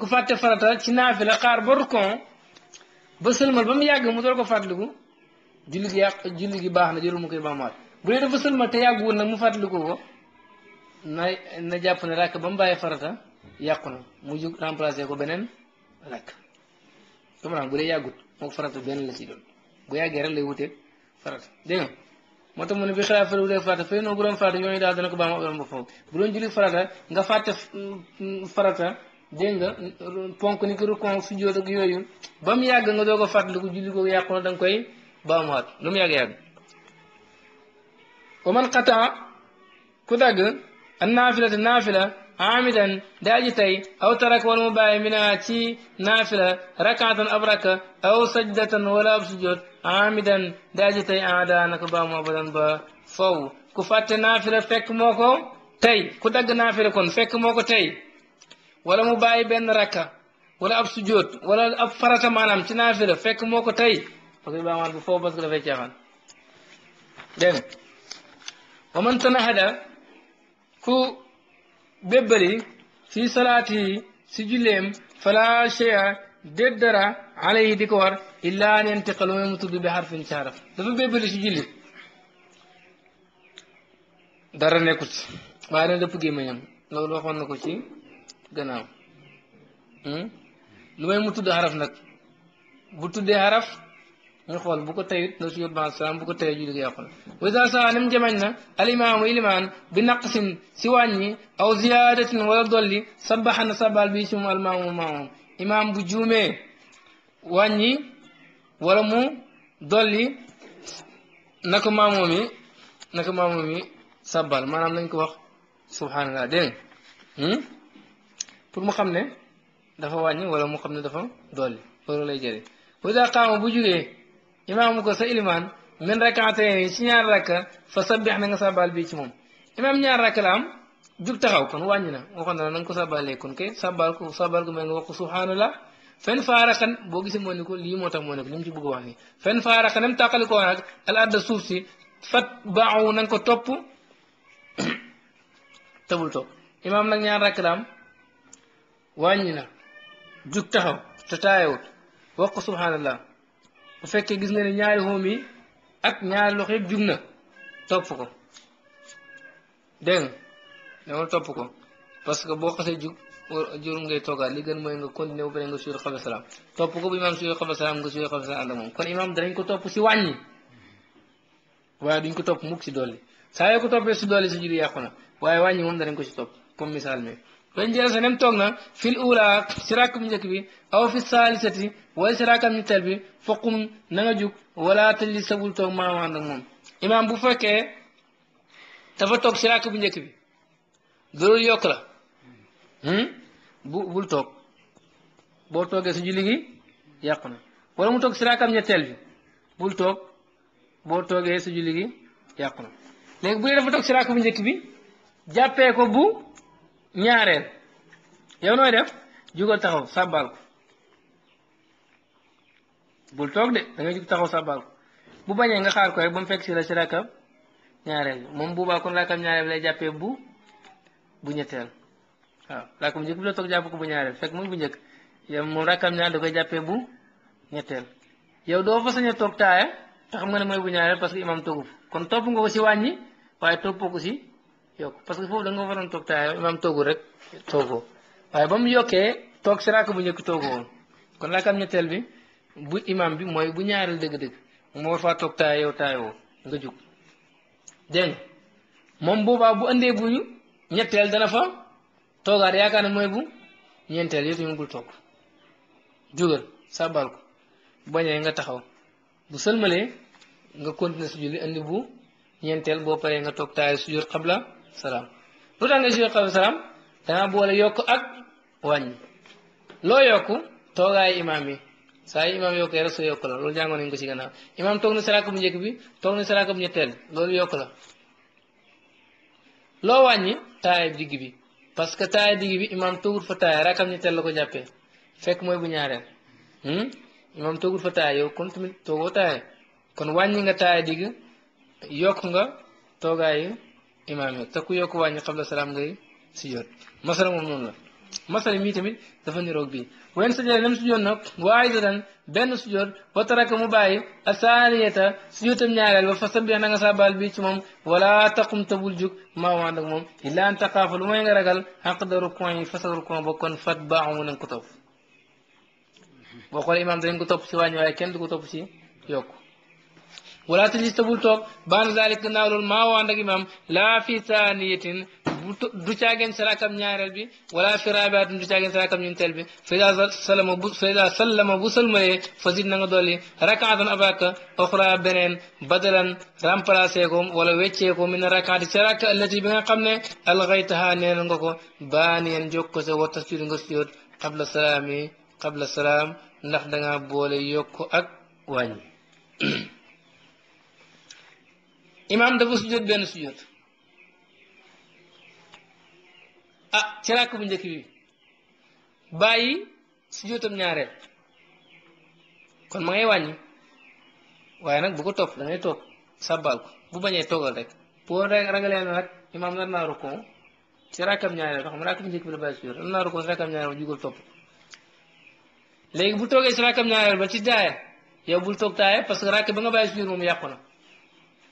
ku fàtte farata ci naafila xaar ba ba mu yàgg mu ko fàttaliku julli gi yàq julli gi baax na jëru mu koy bu dee dafa sëlmal yàgg woon nag mu fàttaliku ko na jàpp ne ràkk ba mu bàyyi farata yàqu na mu jug remplacé ko beneen lakk comprendre bu dee yàggut mook farata benn la ci doon bu yàggee rek lay wuteeg farata dégg moo tax mu ne bi xilaaf fële wuteeg farata fële ko baax ma am boppam bu doon nga fàtte mm, farata dégg nga ponk ni ki rukon sujjóot ak yooyu ba mu yàgg nga doog a fàttaliku julli googu yàqu na da nga koy baamuwaat lu mu yàgg-yàgg wa man xataa ku dagg a naafila te naafila amidan daaji tey aw tarak wala mu bàyyi mina ci naafila rakaatan ab raka aw sajdatan wala ab sujjoot amidan daaji tey aada naka ba mu abadan ba faw ku fàtte naafila fekk moo ko ku dagg naafila kon fekk moo ko tey wala mu bàyyi benn rakka wala ab sujjoot wala ab farata maanaam ci naafila fekk moo ko tey parce que baamaan faw parce dafay caaxaan dégg nga wa man ku bébbali fi salaati yi si julleem fala cheya déet dara alayhi di ko war illaa an yantiqa lu mu tudd bi xarfin ci xaraf dafa bébbali si julli dara nekkut waaye dana dëpp gémmiñam loolu waxoon na ko ci gannaaw hmm? lu may mu tudd xaraf nag bu tuddee xaraf ñu بوكو تاي نسيو با سلام بوكو تاي جي bu ko واذا julli gi yàqu na wasa saa nim jamañ na alimaamu ilimaan bi naqsin si wàññi aw امام wala dolli sabaxa na sabal bi si mu مامومي maamam imaam bu juumee wàññi wala mu dolli naka pour mu xamne dafa wañi wala mu xamne dafa doli lolou lay jëlee wasa qaama bu jugge imaamu ko sa ilimaan min rakkaatee ci ñaar rakka fa sabbix na nga sàbbaal bii ci moom imaam ñaar rakka la am jug taxaw kon wàññi na waxoon na na nga ko sàbbaalee kon kay sàbbaal ko sàbbaal ko mel nga wax ko subhaanallah fen faaraxan boo gisee moo ne ko lii moo tax moo ko li mu ci bëgg wax nii fen faaraxan nam tàqali koo nag al adda suuf si fat baaw na nga ko topp topp imaam nag ñaar rakk la am wàññi na jug taxaw te taayawut subhaanallah bu fekkee gis nga ne ñaari xoom yi ak ñaari loxo yëpp jug na topp ko dégg nga dama topp ko parce que boo xasee jug jurum ngay toogaat li gën mooy nga continuer bu pare nga suur xabe salaam topp ko bu imaam suur xabe salaam nga suur xabe salaam ànd ak moom kon imaam danañ ko topp si wàññi waaye duñ ko topp mukk si dolli saa yoo ko toppee si dolli sa jur yàqu na waaye wàññi moom danañ ko si topp comme misaal mi wen jalasa nem toog na fil ula si rakkam njëkk bi aw fi saalisati wala si rakkam ñetteel bi foqum nanga nga jug wala tëjli sabul toog maamaan ak moom imaam bu fekkee dafa toog si rakk bu njëkk bi loolu yokk hmm? boo toogee su julli yàqu na wala mu toog si rakkam ñetteel bi bul toog boo toogee su julligi gi na léegi bu dafa toog si rakk njëkk bi jàppee ko bu ñaarel yow noy def jugal taxaw sabbal ko bul tok de da nga jug taxaw sabbal ko bu bañe nga xaar ko rek ba mu fekk ci la ci rakam ñaarel mom moom buubaa kon rakkab ñaareel bi lay jappé bu bu ñettel wa rakkab njëkk bi la toog jàpp ko bu ñaarel fekk muy bu njëkk yow mo rakam ñaar da koy jappé bu ñettel yow do fa sañ tok toog taaya te nga ne moy bu ñaarel parce que imam togu kon top nga ko ci wañi waye top ko si yokk parce que foofu da nga waroon toog taaya imaam toogul rek toogoo waaye ba mu yokkee toog si raaka bu njëkk toogoo woon kon raakaam ñetteel bi bu imaam bi mooy bu ñaareel dëgg-dëgg moo war faa toog nga jug moom boobaa bu andee bu ñetteel dana fa toogaat yaakaar ne mooy bu ñeenteel yow tamit bul toog jugal sàbbal ko bañee nga taxaw bu sëlmalee nga continuer su julli andi bu ñeenteel boo paree nga toog taaya sujjóot xabla salaam lu tax nga si boole yokk ak wàññi loo yokk toogaay imaam yi saa yi imaam yokkee rek soo yokk la loolu jàngoon nañu ko si gannaaw imaam toog na saraka bu njëkk bi toog na saraka bu yokk la loo wàññi taaya bi parce que taaya digg bi imaam toogut fa taaya rakam la ko jàppee fekk mooy bu ñaareel hmm? imaam toogut fa yow kon tamit kon wàññi nga taaya digg yokk nga toogaayu إمامي تكوي أكو واني قبل السلام غي سجود مثلا ممنون له مثلا مية تمين تفني روبي وين سجد لم سجود نك وايضا بين سجود وترك مباي الثانية سجود من على الوفصل بيانا غصاب البيت مم ولا تقوم تبولجك ما وعندك مم إلا أن تقافل وين غرقل هقد ركواني فصل ركوان بكون فتبع من الكتب وقال الإمام درين كتب سواني ولكن كتب سي يوكو wala tajlis te bul toog baana zalik gannaaw loolu imaam laa fi saaniyatin du caageen si ñaareel bi wala fi raabiatin du caageen si rakam ñeenteel bi fa ida sallama bu fa fa zid na nga dolli rakaatan abaka oxra beneen badalan remplacé wala wecceeko ko min rakaati si rakk allati bi nga xam ne alxaytaha neen nga ko baaniyan jokk ko sa wa tasjud qabla salaami qabla salaam ndax da boole yokk ak wàññi imaam dafa sujjóot benn sujjóot ah ci ràkk bu njëkk bi bàyyi sujjóotam ñaareel kon ma ngay wàññi waaye nag bu ko topp da ngay toog sàbbaal ko bu bañee toogal rek boo ragalee na nag imaam nar naa rukkoon ci ràkkam ñaareel xam ràkk bu njëkk bi la bàyyi sujjóot nar naa rukkoon si ba jugal topp léegi bu toogee si ràkkam ñaareel ba ci daaya yow bul toog taaya parce que ràkk ba nga bàyyi sujjóot moom yàqu na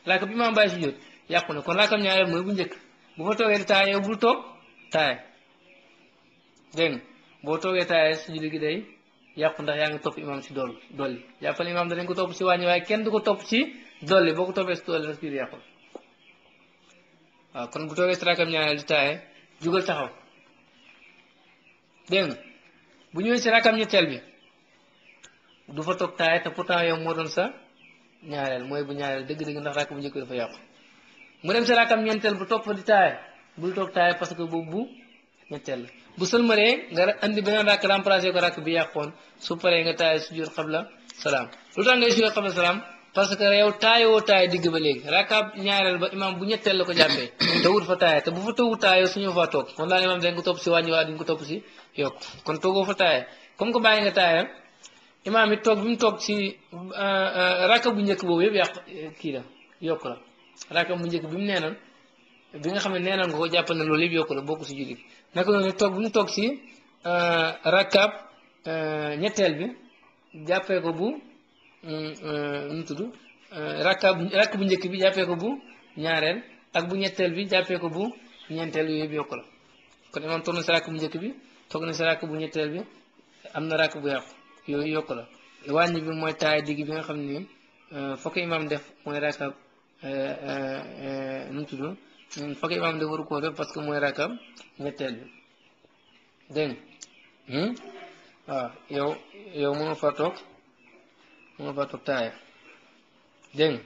laaka bi maam bàyyi si jóot yàqu na kon laakam ñaareel mooy bu njëkk bu fa toogee di taaya yow bul toog taaya dégg boo toogee taaya su julli gi yàqu ndax yaa ngi topp si dool dolli jàppal imaam danañ ko topp si wàññi waaye kenn du ko topp si dolli boo ko toppee si dolli nag kon bu toogee si raakam ñaareel di taaya jugal taxaw dégg bu ñëwee si raakam ñetteel bi du fa toog taaya te pourtant yow moo doon sax ñaareel mooy bu ñaareel dëgg-dëgg ndax rakk bu njëkk dafa yàqu mu dem ci rakkam ñeenteel bu toog fa di taaya parce que boobu bu ñetteel la bu sëlmaree nga andi beneen rakk remplacé ko rakk bi yàqoon su paree nga taaya sujjóot xabla salaam lu tax ngay sujjóot parce que yow taayoo taay digg ba léegi rakkaab ñaareel ba imaam bu ñetteel la ko jàppee te wut fa taaya te bu fa toogu taayoo suñu fa toog kon daal imaam dañ ko topp si wàññi waa duñ topp si yokk kon toogoo fa taaya comme que bàyyi nga taaya imaam it toog bi mu toog si euh, euh, raka bu njëkk boobu yëpp yàq kii la yokk la raka bu njëkk bi mu neenal bi nga xam ne neenal nga jàppal na loolu yëpp yokk la bokk si julli naka noonu toog bi toog si euh, rakab ñetteel bi jàppee ko bu nu tudd rakab rakk bu njëkk bi jàppee bu ñaareel ak bu ñetteel bi jàppee ko bu ñeenteel bi yëpp yokk la kon imaam toog na si rakk bu njëkk bi toog na si rakk bu ñetteel bi am na rakk bu yàqu yooyu yokk la wàññi bi mooy taay digg bi nga xam ne euh, fokk imaam def mooy rakab euh, euh, nu mu tudd fokk imaam def waru koo def parce que mooy rakab ñetteel bi dégg hmm? waaw yow yow mënoo fa toog mënoo fa toog taaya dégg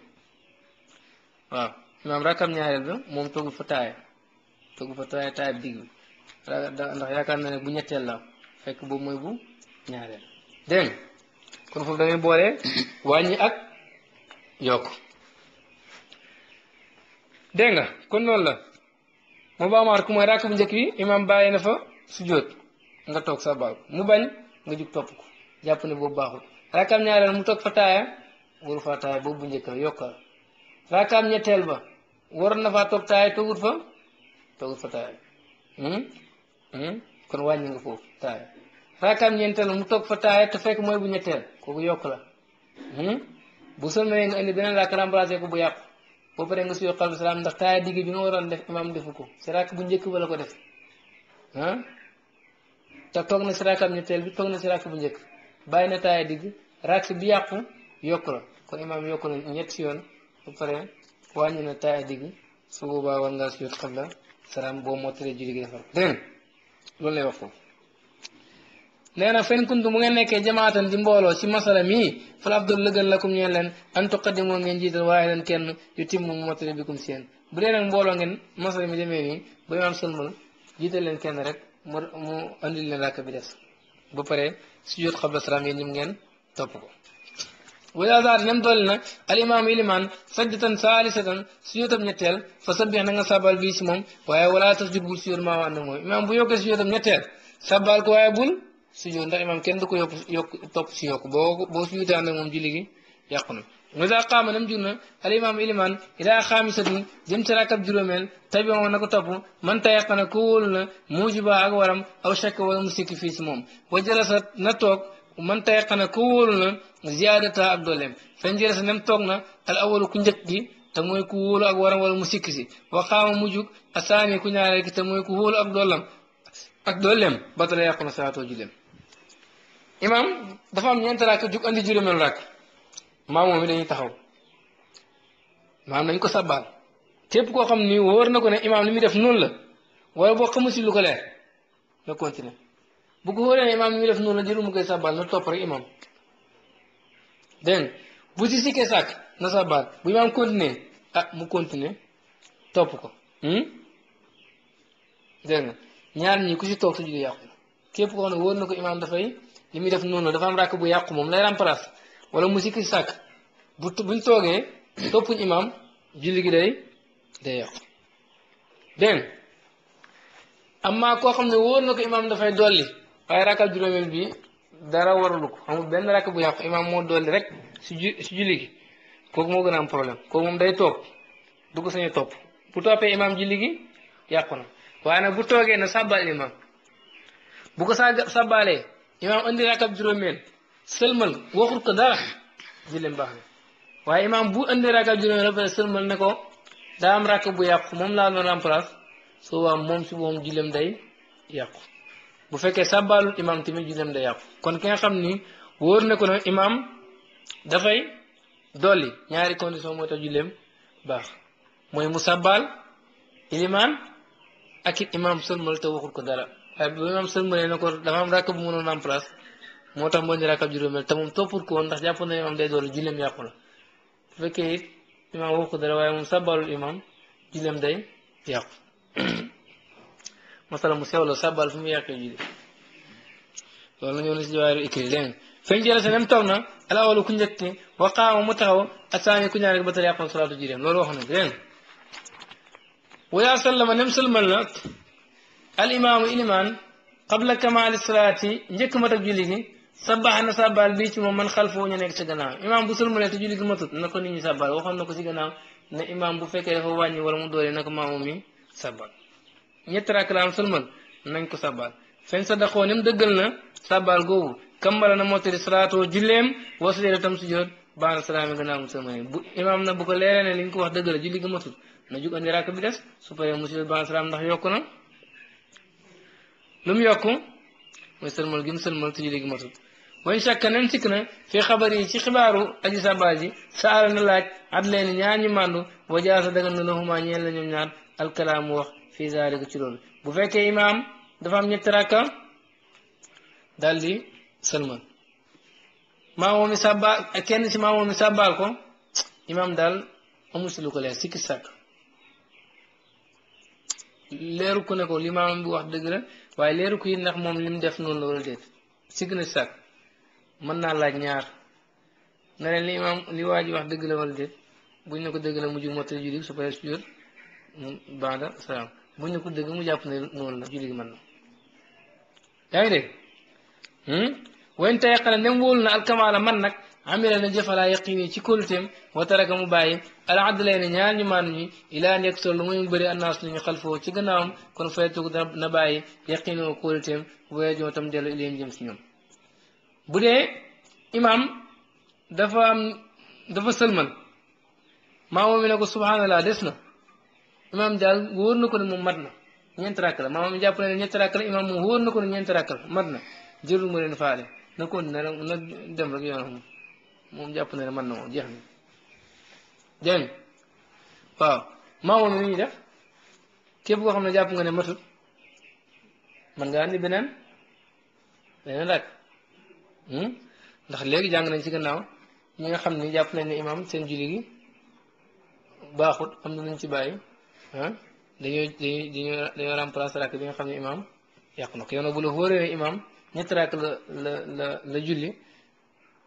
waaw imaam rakab ñaareel ba moom toogu fa taaya toogu fa taaya taaya digg bi ndax yaakaar na ne bu ñetteel la fekk boobu mooy bu ñaareel dégg nga kon foofu da ngay boole wàññi ak yokk dégg nga kon loolu la mu baamaar ku mooy ràkk bu njëkk bi imam bàyyi na fa sujjóot nga toog sa baax mu bañ nga jug topp jàpp ni boobu baaxul rakkam ñaareel mu toog fa taaya waru faa taaya boobu bu njëkk a yokkal rakkam ñetteel ba waroon na faa toog taaya toogut fa toogut fa taaya hmm? Hmm? kon wàññi nga foofu taaya raakaam ñeenteel mu toog fa taaya te fekk mooy bu ñetteel kooku yokk la hmm? bu sëlmalee nga indi beneen raak remplacé ko bu yàqu boo paree nga si yokkal salaam ndax taaya digg bi nga waroon def imaam defu ko si bu njëkk ba la ko def ah te toog na si bi toog na si raak bu njëkk bàyyi na taaya digg raak bi yàqu yokk la kon yokk la ñetti yoon ba pare wàññi su boobaa war ngaa si yot xabla salaam boo mottalee julli gi defar dégg loolu lay wax foofu nee na fen kuntu mu ngeen nekkee jamaatan di mbooloo ci masala mii fal afdal lëgën lakum ñeen leen an tuqaddimoo ngeen jiital waaye leen kenn yu timm mu matale bikum seen bu dee nag mbooloo ngeen masala mi demee nii ba imaam sëlmal jiital leen kenn rek mu mu andil leen ràkk bi des ba pare sujjóot xabla salaam yéen ñim ngeen topp ko wala zaat nem dolli na al imaam ilimaan sajdatan saalisatan sujjóotam ñetteel fa sabbix na nga sabal bii si moom waaye wala tasjud bul sujjóot maa ànd mooy imaam bu yokkee sujjóotam ñetteel sabal ko waaye bul sujjóot ndax imaam kenn du ko yokk yokk topp si yokk boo boo sujjóotee ànd ak moom julli gi yàqu na wa ida qaama nam jur na al imaam ilimaan ilaa xaamisatin jëm ci rakkab juróomeel tabi moom na ko topp man tayaqana ko wóolu na muujiba ak waram aw shakk wala mu sikki fii si moom wa jalasat na toog man tayaqana ko wóolu na ziyaadata ak dooleem fan jalasa nem toog na al awalu ku njëkk gi te mooy ku wóolu ak waram wala mu sikki si wa qaama mu jug asaani ku ñaareel ki te mooy ku wóolu ak doolam ak dooleem ba tala yàqu na salaatoo julleem imaam dafa am ñeenti rakk jug andi juróomeel rakk maamoom dañuy taxaw maam nañ ko sabbaal képp koo xam ni wóor na ko ne imaam li muy def noonu la wala boo lu ko leer nga continuer bu ko wóoree ne imaam li muy def noonu la jëru mu koy sabbaal na topp rek imaam dégg bu si sikkee sàkk na sabbaal bu imaam continuer ah mu continuer topp ko hmm? dégg nga ñaar ñi ku si toog sa julli yàqu képp koo xam ne wóor na ko imaam dafay li muy def noonu dafa am ràkk bu yàqu moom lay remplace wala mu sikki sàkk bu buñ toogee toppuñ imaam julli gi day day yàqu dégg amma koo xam ne wóor na ko imaam dafay dolli waaye ràkkal juróomeel bi dara warulu ko amul benn ràkk bu yàqu imaam moo dolli rek si si julli gi kooku moo gën a am problème kooku moom day toog du ko sañ topp bu toppee imaam julli gi yàqu na waaye nag bu toogee na sàbbaal imaam bu ko sàbbaalee imaam andi rakkab juróomeel sëlmal waxut ko dara julleem baax na waaye imaam bu andi rakkab juróomeel ba pare sëlmal ne ko daa am rakk bu yàqu moom laa doon remplace soo waa moom si moom julleem day yàqu bu fekkee sàbbaalul imaam tamit julleem day yàqu kon ki nga xam ni wóor na ko ne imaam dafay dolli ñaari condition mooy tax julleem baax mooy mu sàbbaal ilimaan ak it imaam sëlmal te waxut ko dara waaye bu imaam sëlmalee na ko dafa am rakk bu mënoon am place moo tax moo ñu rakkab juróomeel te moom toppul ko ndax jàpp na imaam day doolu julleem yàqu la bu fekkee it imaam wax mu sew la sàbbal fu mu yàqee na si ku njëkk mu taxaw asaani ku ñaar rek ba tal yàqoon sëlmal na al imaamu ilimaan qabla kamaali salaati njëkk mat ak julli gi sabbaax na sabbal bii ci moom man xalfoo ñu nekk si gannaaw imaam bu sëlmalee te julli gi matut na ko nit ñi sabbal waxoon na ko bu fekkee dafa wàññi wala doole na ko maamu mi sabbal ñetti rakk la am nañ ko sabbal fen sa daxoo ni mu dëggal na sabbal googu kambala na mottali salaatoo julleem wasalee tam si jot baana salaami gannaaw mu sëlmalee bu imaam na bu ko leeree ne li ko wax dëgg la julli gi matut bi des su paree mu si jot baana salaam ndax yokk na lu mu yokku mooy sëlmal gi mu sëlmal su julli gi matut mooy shakka nem sikk na fi xabar yi ci xibaaru aji saba ji saala na laaj at leen ñaar ñu màndu wajaasa dagan na lahuma ñeel na ñoom ñaar alkalaamu wax fii zaalika ci loolu bu fekkee imaam dafa am ñetti rakka daal di sëlmal maamoo mi sàbbaal kenn ci maamoo mi sàbbaal ko imaam daal amul lu ko leer sikki sàkk leeru ku ne ko li maamam bi wax dëgg waaye leeru ko yi ndax moom li mu def noonu la wala déet si gën a sàkk naa laaj ñaar nga li imaam li waa ji wax dëgg la wala bu buñ ne ko dëgg la mu jug mottali julli su paree sujjóot mu baada salaam buñ ne ko dëgg mu jàpp ne noonu la julli gi mën na yaa ngi dégg hmm? wayn tayaqana nem wóolu na alkamaala man nag amila na jëfalaa yaqini ci kóoluteem wa taraka mu bàyyi alaadlay ne ñaar ñu maanu ñi ilaa nekk sol lu muy mu bëri annaas nañu xalfoo ci gannaawam kon fayetug na bàyyi yaqini wa kóoluteem tam dellu ilim jëm si ñoom dee imaam dafa am dafa sëlmal maamoom mi ne des na imaam daal na ko ne moom mat na ñeenti rakk la maamoom jàpp na ne ñeenti rakk la imaam moom wóor na ko ne ñeenti rakk la mat na jërul mu leen faale na kon na na dem rek yoonam moom jàpp na ne mën na moom jeex na dégg waaw maamoom ni ñuy def képp koo xam ne jàpp nga ne matut mën nga andi beneen beneen laaj hmm? ndax léegi jàng nañ ci gannaaw ñi nga xam ni jàpp nañ ne imaam seen julli gi baaxut am na luñ ci bàyyi ah dañoo dañuy dañoo dañoo remplacer bi nga xam ne imaam yàq na ko yow nag bu la wóoree ne imaam ñetti rakk la la julli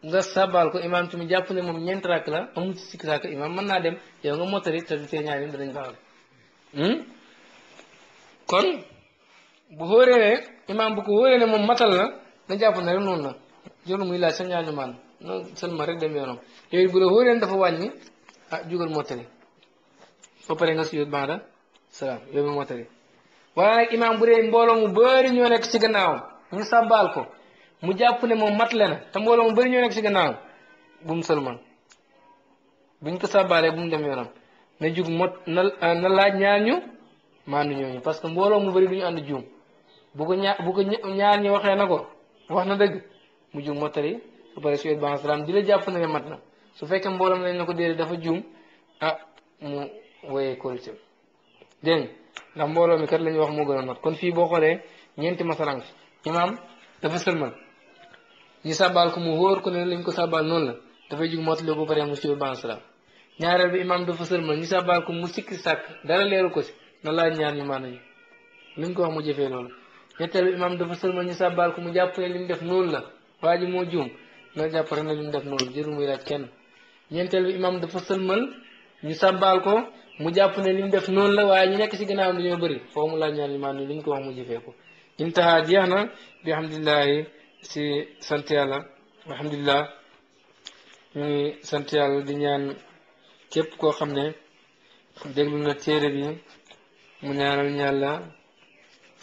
nga sabal ko imaam tamit jàpp ne moom ñeent rakk la amul ci sàkk imaam mën naa dem yow nga mottali te du tee ñaari hmm? moom matal na nga jàpp ne rek noonu la jolu muy laaj sa ñaar ñu maan noonu seulement rek dem yoonam yooyu bu la xóoree ne dafa wàññi ah jugal mottali ba pare nga sujjóot baada salaam yooyu mottali waaye imaam bu dee mbooloo mu bëri ñoo nekk ci gannaaw ñu sabal ko mu jàpp ne moom mat le na te mbooloo mu bari ñoo nekk si gannaaw bu mu bu buñ ko sàbbaalee bu mu dem yoonam na jug mot na na laaj ñaar ñu maandu ñooñu parce que mbooloo mu bari du ñu ànd juum bu ko ñaar bu ko ñaar waxee na ko wax na dëgg mu jug mottali su pare su ban salaam di la jàpp ne mat na su fekkee mbooloom lañ na ko déedéet dafa juum ah mu woyee korité dégg ndax mbooloo mi kat la ñuy wax moo gën a mat kon fii boo xoolee ñeenti masalan fi imaam dafa sëlmal ñu sàbbaal ko mu wóor ko ne lañ ko sàbbaal noonu la dafay jug mottali ba pare bi imaam dafa sërmal ñu sàbbaal ko mu sikki sàkk dara leeru ko si na laaj ñaar ñu maanañu luñ ñu ko mu jàpp ne li mu def noonu la moo juum na jàpp rek ne li mu def noonu jërul muy laaj kenn ñeenteel bi imaam dafa sërmal ñu sàbbaal ko mu jàpp ne li mu def noonu la waaye ñu nekk si gannaawam dañoo bëri foo mu laaj ñaar ñu ko mu jëfee ko bi alhamdulilahi ci sant yàlla alhamdulilah ñu ngi sant yàlla di ñaan képp koo xam ne déglu na téere bi mu ñaanal ñàlla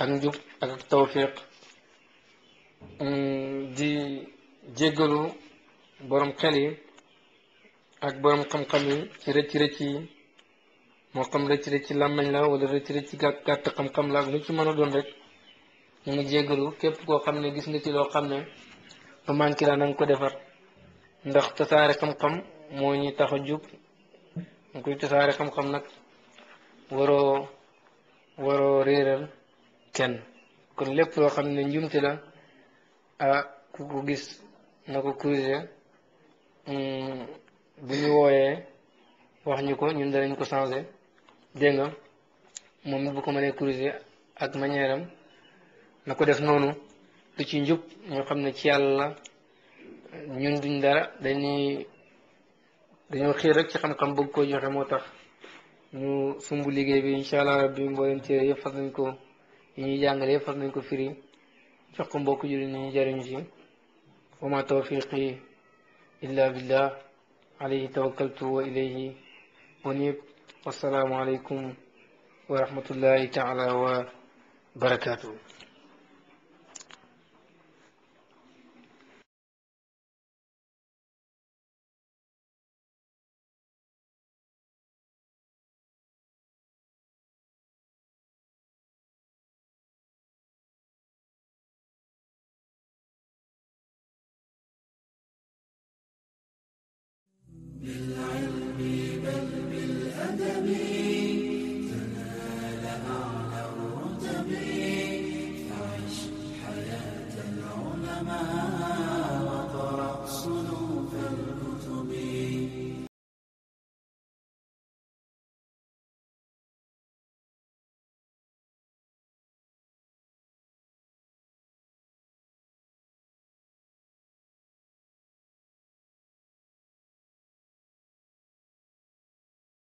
ak njub ak ak tawfiq di jéggalu borom xel yi ak borom xam-xam yi ci rëcc rëcc yi moo xam rëcc rëcc làmmañ la wala rëcc rëcc gàtt xam-xam la ak lu ci mën a doon rek ñu ngi jéggalu képp koo xam ne gis nga ci loo xam ne lu manqué la na ko defar ndax tasaare xam-xam moo ñu tax a jub nga koy tosaare xam-xam nag waroo waroo réeral kenn kon lépp loo xam ne njumte la ah ku ko gis na ko corrigé hmm, bu ñu wooyee wax ñu ko ñun danañ ko changé dégg nga moom it bu ko mënee corrigé ak manière am na ko def noonu lu ci njub ñoo xam ne ci yàlla ñun duñ dara dañuy dañoo xiir rek ci xam-xam bëgg koo joxe moo tax ñu liggéey bi incha allah rabbi mbooleem téere yëpp fas nañ ko yi ñuy jàngale yëpp fas nañ ko firi jox ko mbokk jullit ñi ñu jëriñu ci wa ma tawfiqi illa billah alayhi tawakkaltu wa ilayhi unib wa rahmatullahi taala wa barakaatuh